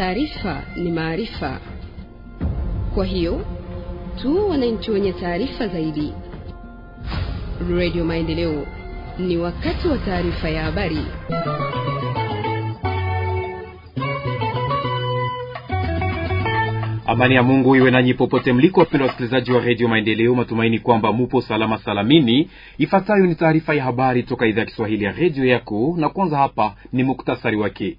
Taarifa ni maarifa, kwa hiyo tu wananchi wenye taarifa zaidi. Radio Maendeleo, ni wakati wa taarifa ya habari. Amani ya Mungu iwe nanyi popote mliko, wapendwa wasikilizaji wa redio Maendeleo. Matumaini kwamba mupo salama salamini. Ifuatayo ni taarifa ya habari toka idhaa ya Kiswahili ya redio yako, na kwanza hapa ni muktasari wake.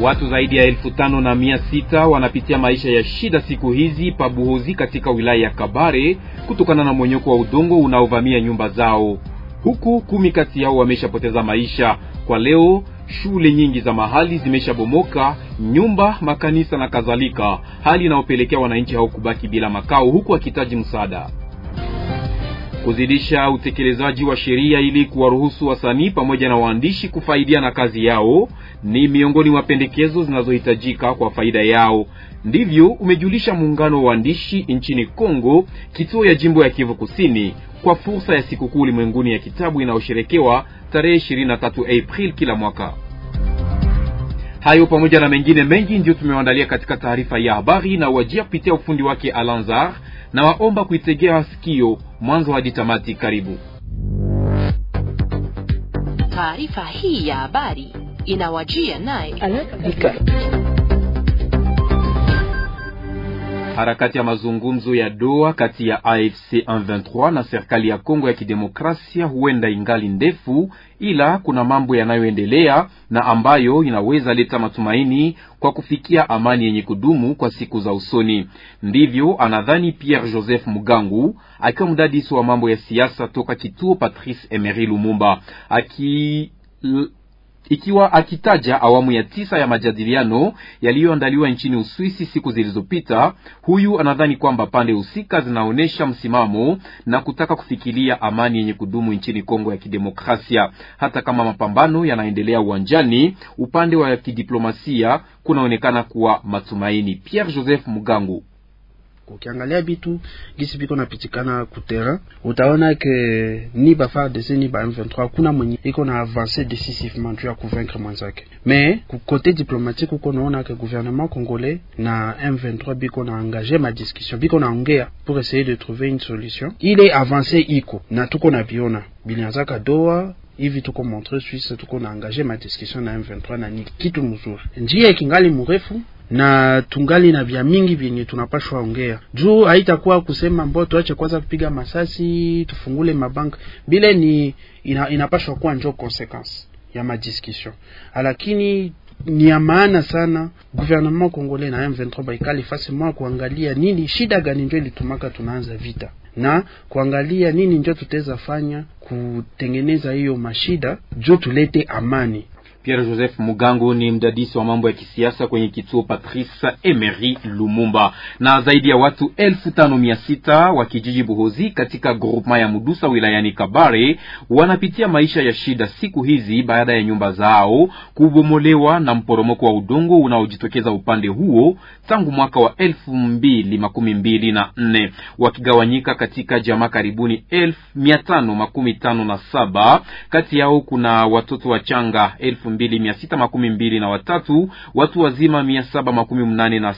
Watu zaidi ya elfu tano na mia sita wanapitia maisha ya shida siku hizi pabuhozi katika wilaya ya Kabare kutokana na mwenyeko wa udongo unaovamia nyumba zao, huku kumi kati yao wameshapoteza maisha kwa leo. Shule nyingi za mahali zimeshabomoka, nyumba, makanisa na kadhalika, hali inayopelekea wananchi hao kubaki bila makao, huku akihitaji msaada kuzidisha utekelezaji wa sheria ili kuwaruhusu wasanii pamoja na waandishi kufaidia na kazi yao ni miongoni mwa pendekezo zinazohitajika kwa faida yao. Ndivyo umejulisha muungano wa waandishi nchini Kongo, kituo ya jimbo ya Kivu Kusini, kwa fursa ya sikukuu ulimwenguni ya kitabu inayosherekewa tarehe 23 april kila mwaka. Hayo pamoja na mengine mengi ndiyo tumewaandalia katika taarifa ya habari na uajia kupitia ufundi wake Alanzar na waomba kuitegea sikio mwanzo hadi tamati. Karibu taarifa hii ya habari inawajia naye harakati ya mazungumzo ya Doha kati ya AFC M23 na serikali ya Kongo ya Kidemokrasia huenda ingali ndefu, ila kuna mambo yanayoendelea na ambayo inaweza leta matumaini kwa kufikia amani yenye kudumu kwa siku za usoni. Ndivyo anadhani Pierre Joseph Mugangu, akiwa mdadisi wa mambo ya siasa toka kituo Patrice Emery Lumumba aki ikiwa akitaja awamu ya tisa ya majadiliano yaliyoandaliwa nchini Uswisi siku zilizopita. Huyu anadhani kwamba pande husika zinaonyesha msimamo na kutaka kufikilia amani yenye kudumu nchini Kongo ya Kidemokrasia, hata kama mapambano yanaendelea uwanjani. Upande wa kidiplomasia kunaonekana kuwa matumaini. Pierre Joseph Mugangu Ukiangalia bitu gisi biko napitikana kutera, utaona ke ni ba FARDC ni ba M23 kuna mwenye iko na ya diplomatique uko naona gouvernement congolais na M23 biko na engagé ma discussion, biko ongea pour essayer de trouver une solution. Ile avance iko na na Suisse, na ma discussion na M23 na ni kitu mzuri, njia ikingali na tungali na vya mingi vyenye tunapashwa ongea juu. Haitakuwa kusema mbo tuache kwanza kupiga masasi tufungule mabank bile, ni ina, inapashwa kuwa njo consequence ya madiscussion, lakini ni ya maana sana gouvernement congolais na M23 baikali fasi mwa kuangalia nini shida gani njo ilitumaka tunaanza vita na kuangalia nini njo tutaweza fanya kutengeneza hiyo mashida juu tulete amani Pierre Joseph Mugangu ni mdadisi wa mambo ya kisiasa kwenye kituo Patrice Emery Lumumba. Na zaidi ya watu elfu tano mia sita wa kijiji Buhozi katika grupma ya Mudusa wilayani Kabare wanapitia maisha ya shida siku hizi baada ya nyumba zao kubomolewa na mporomoko wa udongo unaojitokeza upande huo tangu mwaka wa elfu mbili makumi mbili na nne wakigawanyika katika jamaa karibuni elfu mia tano makumi tano na saba kati yao kuna watoto wachanga elfu 2623 na watatu watu wazima mia makumi mnane na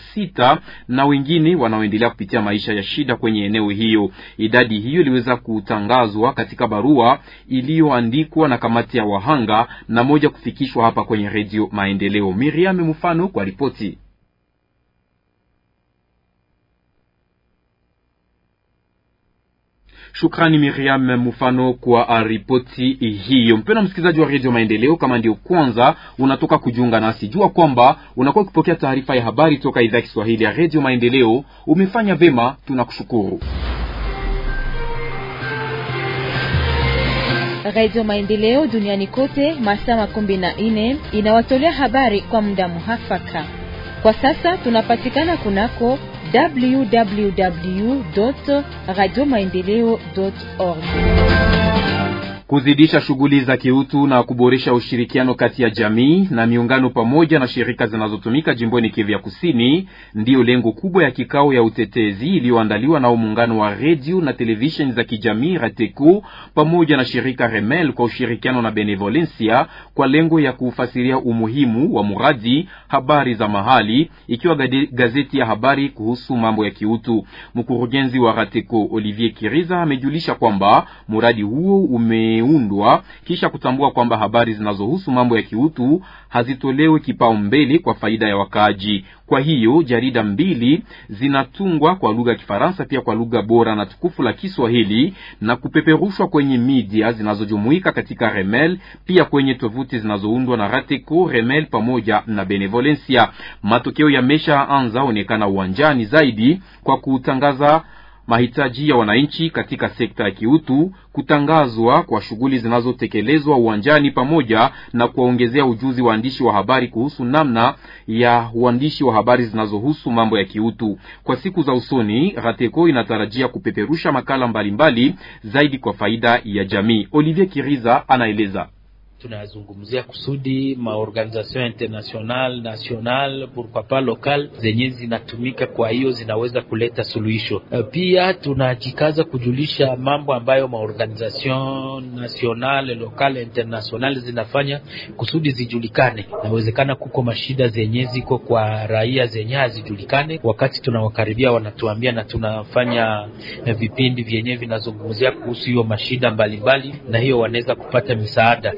na wengine wanaoendelea kupitia maisha ya shida kwenye eneo hiyo. Idadi hiyo iliweza kutangazwa katika barua iliyoandikwa na kamati ya wahanga na moja kufikishwa hapa kwenye Redio Maendeleo. Miriam Mfano kwa ripoti. Shukrani Miriam Mufano kwa ah, ripoti hiyo. Mpendwa msikilizaji wa redio Maendeleo, kama ndio kwanza unatoka kujiunga nasi, jua kwamba unakuwa ukipokea taarifa ya habari toka idhaa ya Kiswahili ya redio Maendeleo. Umefanya vema, tunakushukuru. Radio Maendeleo duniani kote masaa makumi na nne inawatolea habari kwa muda muhafaka. Kwa sasa tunapatikana kunako www radio maendeleo org kuzidisha shughuli za kiutu na kuboresha ushirikiano kati ya jamii na miungano pamoja na shirika zinazotumika jimboni Kivu ya Kusini ndiyo lengo kubwa ya kikao ya utetezi iliyoandaliwa nao muungano wa redio na televisheni za kijamii Rateco pamoja na shirika Remel kwa ushirikiano na Benevolencia kwa lengo ya kufasiria umuhimu wa muradi habari za mahali, ikiwa gazeti ya habari kuhusu mambo ya kiutu. Mkurugenzi wa Rateco Olivier Kiriza amejulisha kwamba muradi huo ume imeundwa kisha kutambua kwamba habari zinazohusu mambo ya kiutu hazitolewi kipaumbele kwa faida ya wakaaji. Kwa hiyo jarida mbili zinatungwa kwa lugha ya Kifaransa pia kwa lugha bora na tukufu la Kiswahili na kupeperushwa kwenye media zinazojumuika katika Remel, pia kwenye tovuti zinazoundwa na Rateco, Remel pamoja na Benevolencia. Matokeo yameshaanza onekana uwanjani zaidi kwa kutangaza mahitaji ya wananchi katika sekta ya kiutu, kutangazwa kwa shughuli zinazotekelezwa uwanjani, pamoja na kuwaongezea ujuzi waandishi wa habari kuhusu namna ya uandishi wa habari zinazohusu mambo ya kiutu. Kwa siku za usoni, rateco inatarajia kupeperusha makala mbalimbali mbali zaidi kwa faida ya jamii. Olivier Kiriza anaeleza tunazungumzia kusudi maorganization international national, pourquoi pas local, zenye zinatumika, kwa hiyo zinaweza kuleta suluhisho. Euh, pia tunajikaza kujulisha mambo ambayo maorganization national local international zinafanya kusudi zijulikane. Inawezekana kuko mashida zenye ziko kwa raia zenye hazijulikane, wakati tunawakaribia wanatuambia, na tunafanya vipindi vyenyewe vinazungumzia kuhusu hiyo mashida mbalimbali mbali, na hiyo wanaweza kupata misaada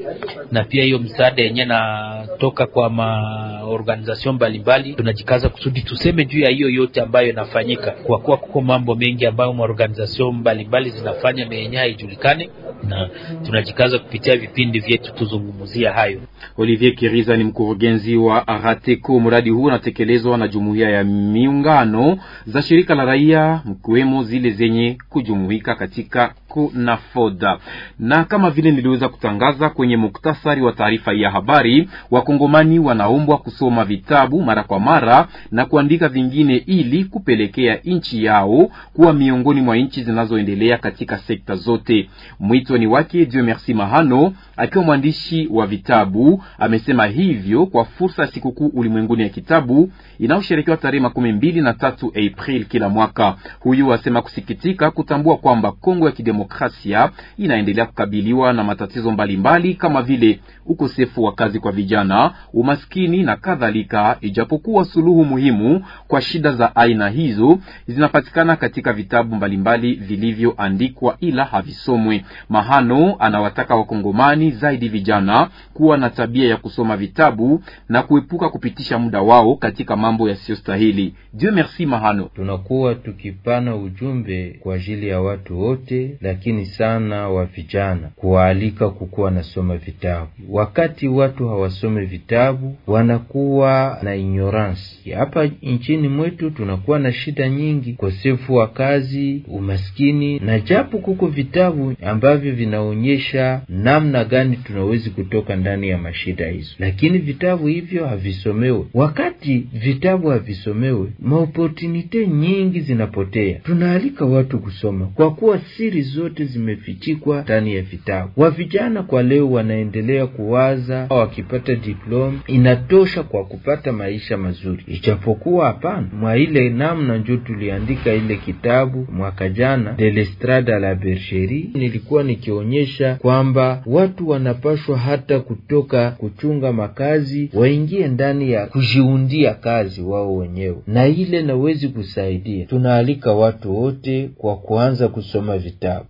na pia hiyo msaada yenye natoka kwa maorganization mbalimbali, tunajikaza kusudi tuseme juu ya hiyo yote ambayo inafanyika, kwa kuwa kuko mambo mengi ambayo maorganization mbalimbali zinafanya na yenyewe haijulikani, na tunajikaza kupitia vipindi vyetu tuzungumzia hayo. Olivier Kiriza ni mkurugenzi wa Arateco. Mradi huu unatekelezwa na jumuiya ya miungano za shirika la raia mkiwemo zile zenye kujumuika katika siku na foda. Na kama vile niliweza kutangaza kwenye muktasari wa taarifa ya habari, wakongomani wanaombwa kusoma vitabu mara kwa mara na kuandika vingine ili kupelekea nchi yao kuwa miongoni mwa nchi zinazoendelea katika sekta zote. Mwito ni wake Dieu Merci Mahano akiwa mwandishi wa vitabu, amesema hivyo kwa fursa ya sikukuu ulimwenguni ya kitabu inayosherekewa tarehe makumi mbili na tatu April kila mwaka. Huyu asema kusikitika kutambua kwamba Kongo ya kidemokrasia Kidemokrasia inaendelea kukabiliwa na matatizo mbalimbali mbali, kama vile ukosefu wa kazi kwa vijana, umaskini na kadhalika, ijapokuwa suluhu muhimu kwa shida za aina hizo zinapatikana katika vitabu mbalimbali vilivyoandikwa ila havisomwi. Mahano anawataka wakongomani zaidi vijana kuwa na tabia ya kusoma vitabu na kuepuka kupitisha muda wao katika mambo yasiyostahili. Dieu merci Mahano, tunakuwa tukipana ujumbe kwa ajili ya watu wote la lakini sana wa vijana kuwaalika kukuwa nasoma vitabu. Wakati watu hawasome vitabu, wanakuwa na ignorance. Hapa nchini mwetu tunakuwa na shida nyingi, ukosefu wa kazi, umaskini, na japo kuko vitabu ambavyo vinaonyesha namna gani tunawezi kutoka ndani ya mashida hizo, lakini vitabu hivyo havisomewe. Wakati vitabu havisomewe, maoportunite nyingi zinapotea. Tunaalika watu kusoma kwa kuwa siri zo zote zimefichikwa ndani ya vitabu. Wavijana kwa leo wanaendelea kuwaza wakipata diploma inatosha kwa kupata maisha mazuri, ijapokuwa hapana mwa ile namna njo tuliandika ile kitabu mwaka jana de lestrada la bergerie, nilikuwa nikionyesha kwamba watu wanapashwa hata kutoka kuchunga makazi waingie ndani ya kujiundia kazi wao wenyewe, na ile nawezi kusaidia. Tunaalika watu wote kwa kuanza kusoma vitabu.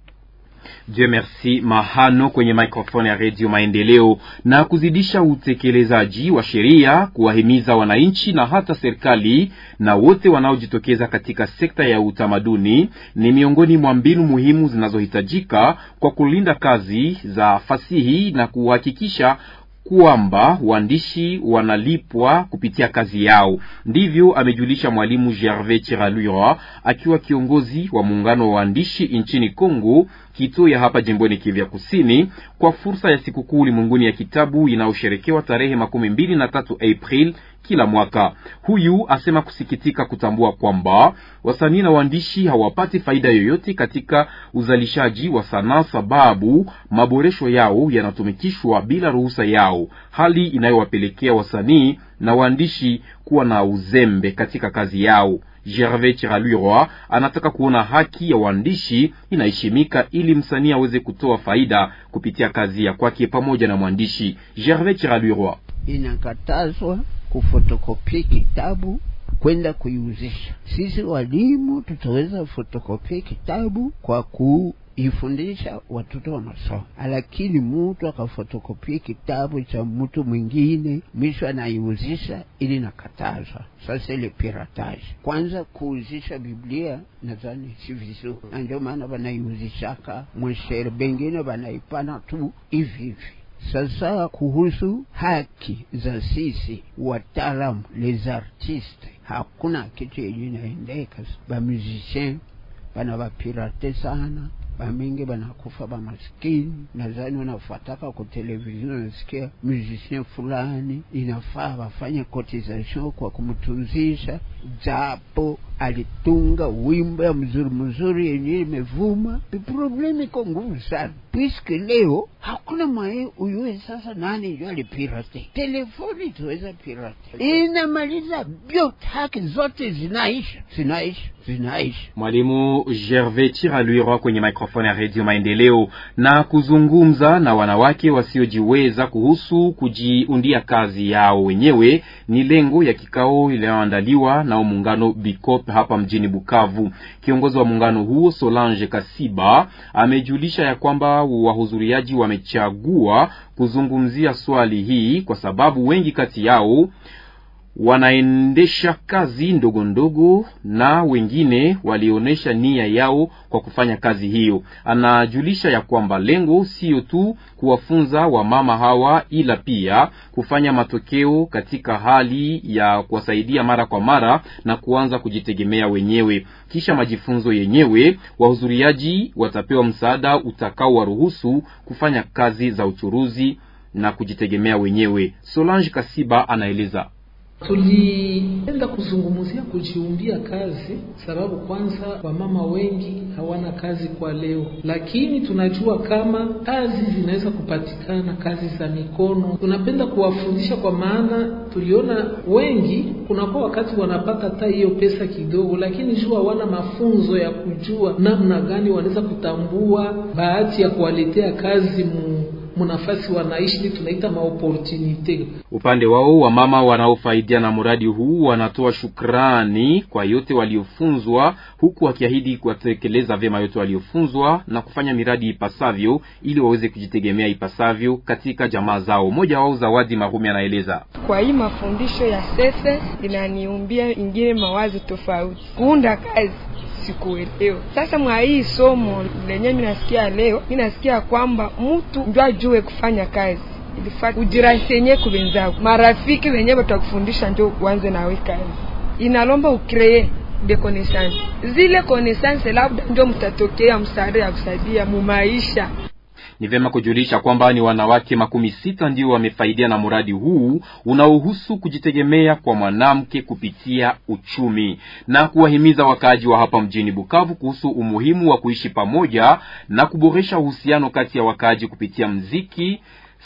Dieu merci Mahano kwenye microphone ya Redio Maendeleo na kuzidisha utekelezaji wa sheria, kuwahimiza wananchi na hata serikali na wote wanaojitokeza katika sekta ya utamaduni ni miongoni mwa mbinu muhimu zinazohitajika kwa kulinda kazi za fasihi na kuhakikisha kwamba waandishi wanalipwa kupitia kazi yao. Ndivyo amejulisha mwalimu Gervais Chiralura akiwa kiongozi wa muungano wa waandishi nchini Kongo, kituo ya hapa jimboni Kivya Kusini, kwa fursa ya sikukuu ulimwenguni ya kitabu inayosherekewa tarehe makumi mbili na tatu April kila mwaka. Huyu asema kusikitika kutambua kwamba wasanii na waandishi hawapati faida yoyote katika uzalishaji wa sanaa, sababu maboresho yao yanatumikishwa bila ruhusa yao, hali inayowapelekea wasanii na waandishi kuwa na uzembe katika kazi yao. Gervais Chiraluroi anataka kuona haki ya waandishi inaheshimika ili msanii aweze kutoa faida kupitia kazi ya kwake pamoja na mwandishi. Gervais Chiraluroi: inakatazwa kufotokopia kitabu kwenda kuiuzisha. Sisi walimu tutaweza fotokopia kitabu kwa kuifundisha watoto wa masomo, lakini mutu akafotokopia kitabu cha mtu mwingine, mwisho anaiuzisha, ili nakatazwa Sasa ile pirataji kwanza kuuzisha Biblia nadhani si vizuri, na ndio maana wanaiuzishaka mweshere, bengine wanaipana tu hivi hivi sasa kuhusu haki za sisi wataalam les artistes, hakuna kitu yenye inaendeka. Ba musicien bana bapirate sana bamingi banakufa bamaskini. nazani wanafataka ku televizion wanasikia musicien fulani inafaa bafanye cotisation kwa kumtunzisha, japo alitunga wimbo ya mzuri mzuri yenye imevuma. Problem iko nguvu sana, puisque leo hakuna mae uyue. Sasa nani njo alipirate telefoni? Tuweza pirate, inamaliza vyote, haki zote zinaisha, zinaisha, zinaisha. Mwalimu Gervais Tiraluirwa kwenye micro mikrofoni ya Redio Maendeleo na kuzungumza na wanawake wasiojiweza kuhusu kujiundia kazi yao wenyewe. Ni lengo ya kikao iliyoandaliwa nao muungano Bicop hapa mjini Bukavu. Kiongozi wa muungano huo Solange Kasiba amejulisha ya kwamba wahudhuriaji wamechagua kuzungumzia swali hii kwa sababu wengi kati yao wanaendesha kazi ndogo ndogo na wengine walionyesha nia yao kwa kufanya kazi hiyo. Anajulisha ya kwamba lengo siyo tu kuwafunza wamama hawa, ila pia kufanya matokeo katika hali ya kuwasaidia mara kwa mara na kuanza kujitegemea wenyewe. Kisha majifunzo yenyewe, wahudhuriaji watapewa msaada utakaowaruhusu kufanya kazi za uchuruzi na kujitegemea wenyewe. Solange Kasiba anaeleza. Tulienda kuzungumzia kujiumbia kazi, sababu kwanza wamama wengi hawana kazi kwa leo, lakini tunajua kama kazi zinaweza kupatikana, kazi za mikono. Tunapenda kuwafundisha kwa maana tuliona wengi kunakuwa wakati wanapata hata hiyo pesa kidogo, lakini jua wana mafunzo ya kujua namna gani wanaweza kutambua bahati ya kuwaletea kazi mungu mnafasi wanaishi tunaita maopportunite. Upande wao wa mama wanaofaidia na mradi huu wanatoa shukrani kwa yote waliofunzwa, huku wakiahidi kuwatekeleza vyema yote waliofunzwa na kufanya miradi ipasavyo, ili waweze kujitegemea ipasavyo katika jamaa zao. Mmoja wao Zawadi Mahumi anaeleza kwa hii mafundisho ya sese inaniumbia ingine mawazo tofauti kuunda kazi sikuelewa. Sasa mwa hii somo lenye minasikia leo, minasikia kwamba mtu ndio ajue kufanya kazi ilifaa ujirasenye kuwenzako marafiki wenye watakufundisha ndio uanze nawe kazi. Inalomba ukree de connaissance, zile connaissance labda ndio mtatokea msaada ya kusaidia mumaisha. Ni vyema kujulisha kwamba ni wanawake makumi sita ndio wamefaidia na mradi huu unaohusu kujitegemea kwa mwanamke kupitia uchumi na kuwahimiza wakaaji wa hapa mjini Bukavu kuhusu umuhimu wa kuishi pamoja na kuboresha uhusiano kati ya wakaaji kupitia mziki,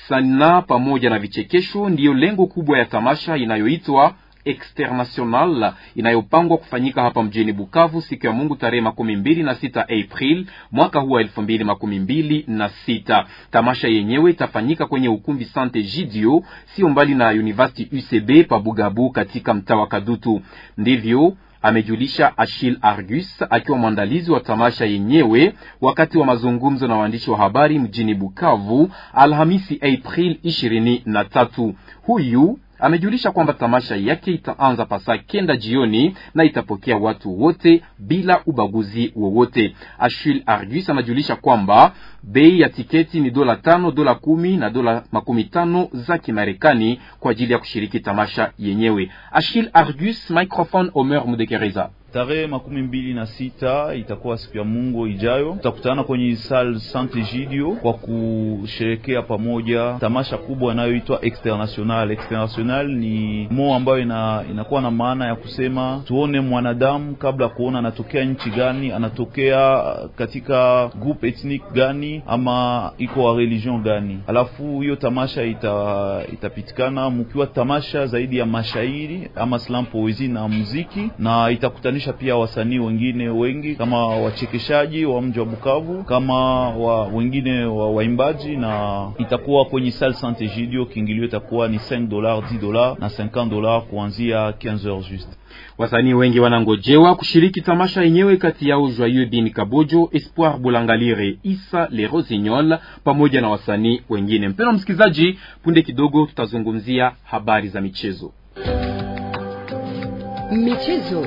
sanaa pamoja na vichekesho, ndiyo lengo kubwa ya tamasha inayoitwa Externational inayopangwa kufanyika hapa mjini Bukavu siku ya Mungu tarehe makumi mbili na sita April mwaka huu wa elfu mbili makumi mbili na sita. Tamasha yenyewe itafanyika kwenye ukumbi Sante Gidio, sio mbali na University UCB Pabugabu katika mtaa wa Kadutu. Ndivyo amejulisha Ashil Argus akiwa mwandalizi wa tamasha yenyewe wakati wa mazungumzo na waandishi wa habari mjini Bukavu Alhamisi April 23. Huyu amejulisha kwamba tamasha yake itaanza pasaa kenda jioni na itapokea watu wote bila ubaguzi wowote. Ashil Argus anajulisha kwamba bei ya tiketi ni dola tano, dola kumi na dola makumi tano za Kimarekani kwa ajili ya kushiriki tamasha yenyewe. Ashil Argus, microphone Omer Mudekereza. Tarehe makumi mbili na sita itakuwa siku ya Mungu ijayo, tutakutana kwenye salle Sante Gidio kwa kusherekea pamoja tamasha kubwa inayoitwa Externational. Externational ni mo ambayo ina, inakuwa na maana ya kusema tuone mwanadamu kabla ya kuona anatokea nchi gani, anatokea katika group ethnic gani, ama iko wa religion gani. Alafu hiyo tamasha ita, itapitikana mkiwa tamasha zaidi ya mashairi ama slam na muziki na itakutana kuwakutanisha pia wasanii wengine wengi kama wachekeshaji wa mji wa Bukavu, kama wa wengine wa waimbaji, na itakuwa kwenye salle Sante Gidio. Kiingilio itakuwa ni 5 dollars, 10 dollars na 50 dollars kuanzia 15 heures juste. Wasanii wengi wanangojewa kushiriki tamasha yenyewe, kati yao Joyeux Kabojo, Espoir Bulangalire, Isa Le Rosignol pamoja na wasanii wengine. Mpendwa msikilizaji, punde kidogo tutazungumzia habari za michezo. Michezo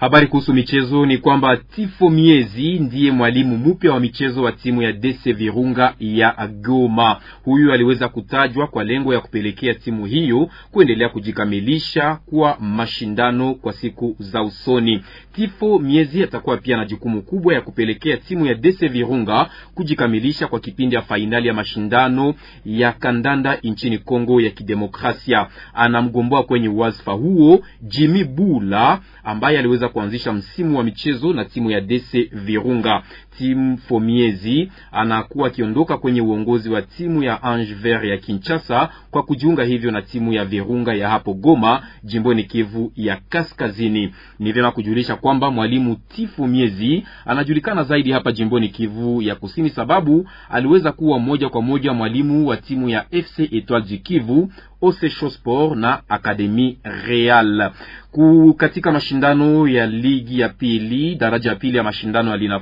Habari kuhusu michezo ni kwamba Tifo Miezi ndiye mwalimu mpya wa michezo wa timu ya DC Virunga ya Goma. Huyu aliweza kutajwa kwa lengo ya kupelekea timu hiyo kuendelea kujikamilisha kwa mashindano kwa siku za usoni. Tifo Miezi atakuwa pia na jukumu kubwa ya kupelekea timu ya DC Virunga kujikamilisha kwa kipindi ya fainali ya mashindano ya kandanda nchini Kongo ya Kidemokrasia. Anamgomboa kwenye wazifa huo Jimmy Bula ambaye aliweza kuanzisha msimu wa michezo na timu ya DC Virunga. Tim Fomiezi anakuwa akiondoka kwenye uongozi wa timu ya Ange Vert ya Kinshasa kwa kujiunga hivyo na timu ya Virunga ya hapo Goma, jimboni Kivu ya Kaskazini. Ni vyema kujulisha kwamba mwalimu Tifu Miezi anajulikana zaidi hapa jimboni Kivu ya Kusini, sababu aliweza kuwa moja kwa moja mwalimu wa timu ya FC Etoile du Kivu Osesho na Akademi Real ku katika mashindano ya ligi ya pili daraja ya pili ya mashindano ya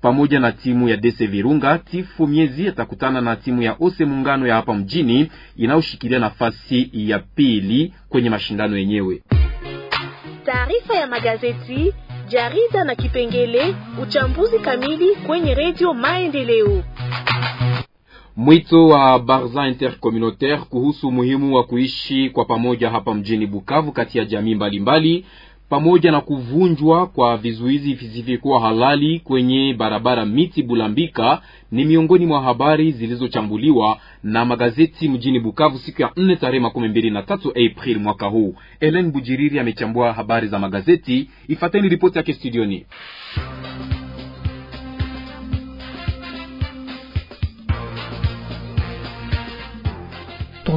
pamoja na timu ya Dese Virunga. Tifu Miezi atakutana na timu ya Ose Muungano ya hapa mjini inayoshikilia nafasi ya pili kwenye mashindano yenyewe. Taarifa ya magazeti, jarida na kipengele uchambuzi kamili kwenye Redio Maendeleo. Mwito wa Barza Intercommunautaire kuhusu umuhimu wa kuishi kwa pamoja hapa mjini Bukavu kati ya jamii mbalimbali mbali, pamoja na kuvunjwa kwa vizuizi visivyokuwa halali kwenye barabara miti Bulambika ni miongoni mwa habari zilizochambuliwa na magazeti mjini Bukavu siku ya 4 tarehe 23 April mwaka huu. Ellen Bujiriri amechambua habari za magazeti, ifateni ripoti yake studioni.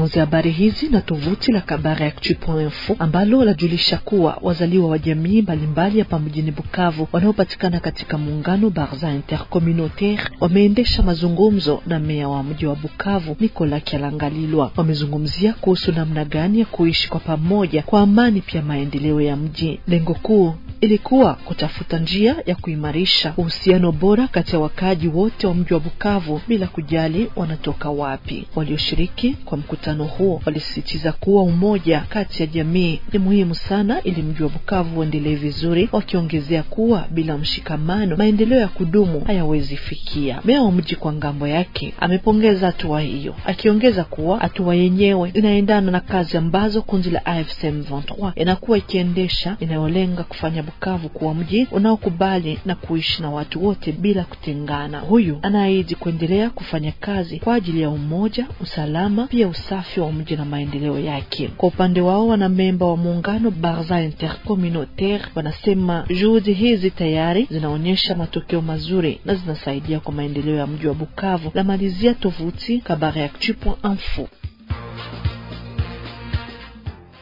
tuanze habari hizi na tovuti la Kabare Actu.info ambalo lajulisha kuwa wazaliwa wa jamii mbalimbali hapa mjini Bukavu wanaopatikana katika muungano Barza Intercommunautaire wameendesha mazungumzo na meya wa mji wa Bukavu Nikola kialangalilwa Wamezungumzia kuhusu namna gani ya kuishi kwa pamoja kwa amani, pia maendeleo ya mji. Lengo kuu ilikuwa kutafuta njia ya kuimarisha uhusiano bora kati ya wakaaji wote wa mji wa Bukavu bila kujali wanatoka wapi. Walioshiriki kwa mkutano mkutano huo walisisitiza kuwa umoja kati ya jamii ni muhimu sana ili mji wa Bukavu uendelee vizuri, wakiongezea kuwa bila mshikamano maendeleo ya kudumu hayawezi fikia. Meya wa mji kwa ngambo yake amepongeza hatua hiyo, akiongeza kuwa hatua yenyewe inaendana na kazi ambazo kundi la AFC M23 inakuwa ikiendesha inayolenga kufanya Bukavu kuwa mji unaokubali na kuishi na watu wote bila kutengana. Huyu anaahidi kuendelea kufanya kazi kwa ajili ya umoja, usalama, pia usafi usafi wa mji na maendeleo yake. Kwa upande wao, wanamemba wa muungano Barza Intercommunautaire wanasema juhudi hizi tayari zinaonyesha matokeo mazuri na zinasaidia kwa maendeleo ya mji wa Bukavu. malizia tovuti kabareactu.info.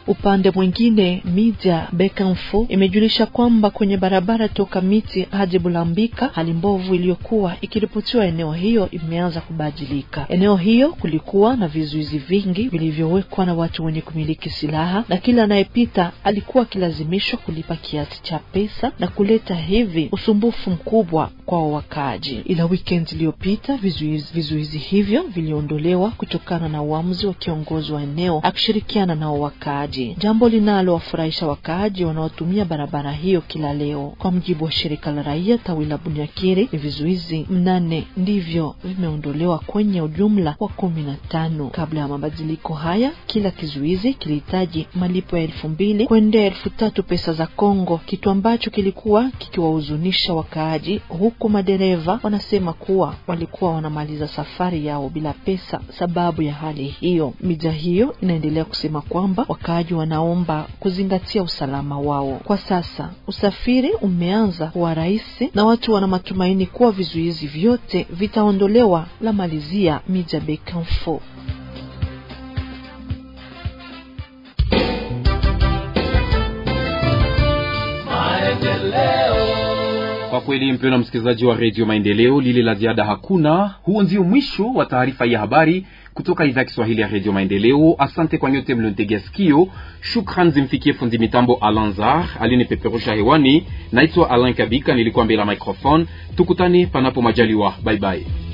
Upande mwingine, Midya Bekanfo imejulisha kwamba kwenye barabara toka Miti hadi Bulambika hali mbovu iliyokuwa ikiripotiwa eneo hiyo imeanza kubadilika. Eneo hiyo kulikuwa na vizuizi vingi vilivyowekwa na watu wenye kumiliki silaha na kila anayepita alikuwa akilazimishwa kulipa kiasi cha pesa na kuleta hivi usumbufu mkubwa kwa wakaaji. Ila wikendi iliyopita vizuizi, vizuizi hivyo viliondolewa kutokana na uamuzi wa kiongozi wa eneo akishirikiana na wakaaji mji, jambo linalowafurahisha wakaaji wanaotumia barabara hiyo kila leo. Kwa mjibu wa shirika la raia tawila bunyakiri ni vizuizi mnane ndivyo vimeondolewa kwenye ujumla wa kumi na tano. Kabla ya mabadiliko haya, kila kizuizi kilihitaji malipo ya elfu mbili kwenda elfu tatu pesa za Kongo, kitu ambacho kilikuwa kikiwahuzunisha wakaaji, huku madereva wanasema kuwa walikuwa wanamaliza safari yao bila pesa sababu ya hali hiyo. Mija hiyo inaendelea kusema kwamba wakaaji wakaaji wanaomba kuzingatia usalama wao. Kwa sasa usafiri umeanza kuwa rahisi na watu wana matumaini kuwa vizuizi vyote vitaondolewa, la malizia mija Kamfo. Kwa kweli mpendwa msikilizaji wa redio Maendeleo, lile la ziada hakuna. Huo ndio mwisho wa taarifa ya habari kutoka idhaa ya Kiswahili ya redio Maendeleo. Asante kwa nyote mliontegea sikio. Shukran zimfikie fundi mitambo Alanzar alinipeperusha hewani. Naitwa Alan Kabika, nilikuwa mbele ya microphone. Tukutane panapo majaliwa, bye.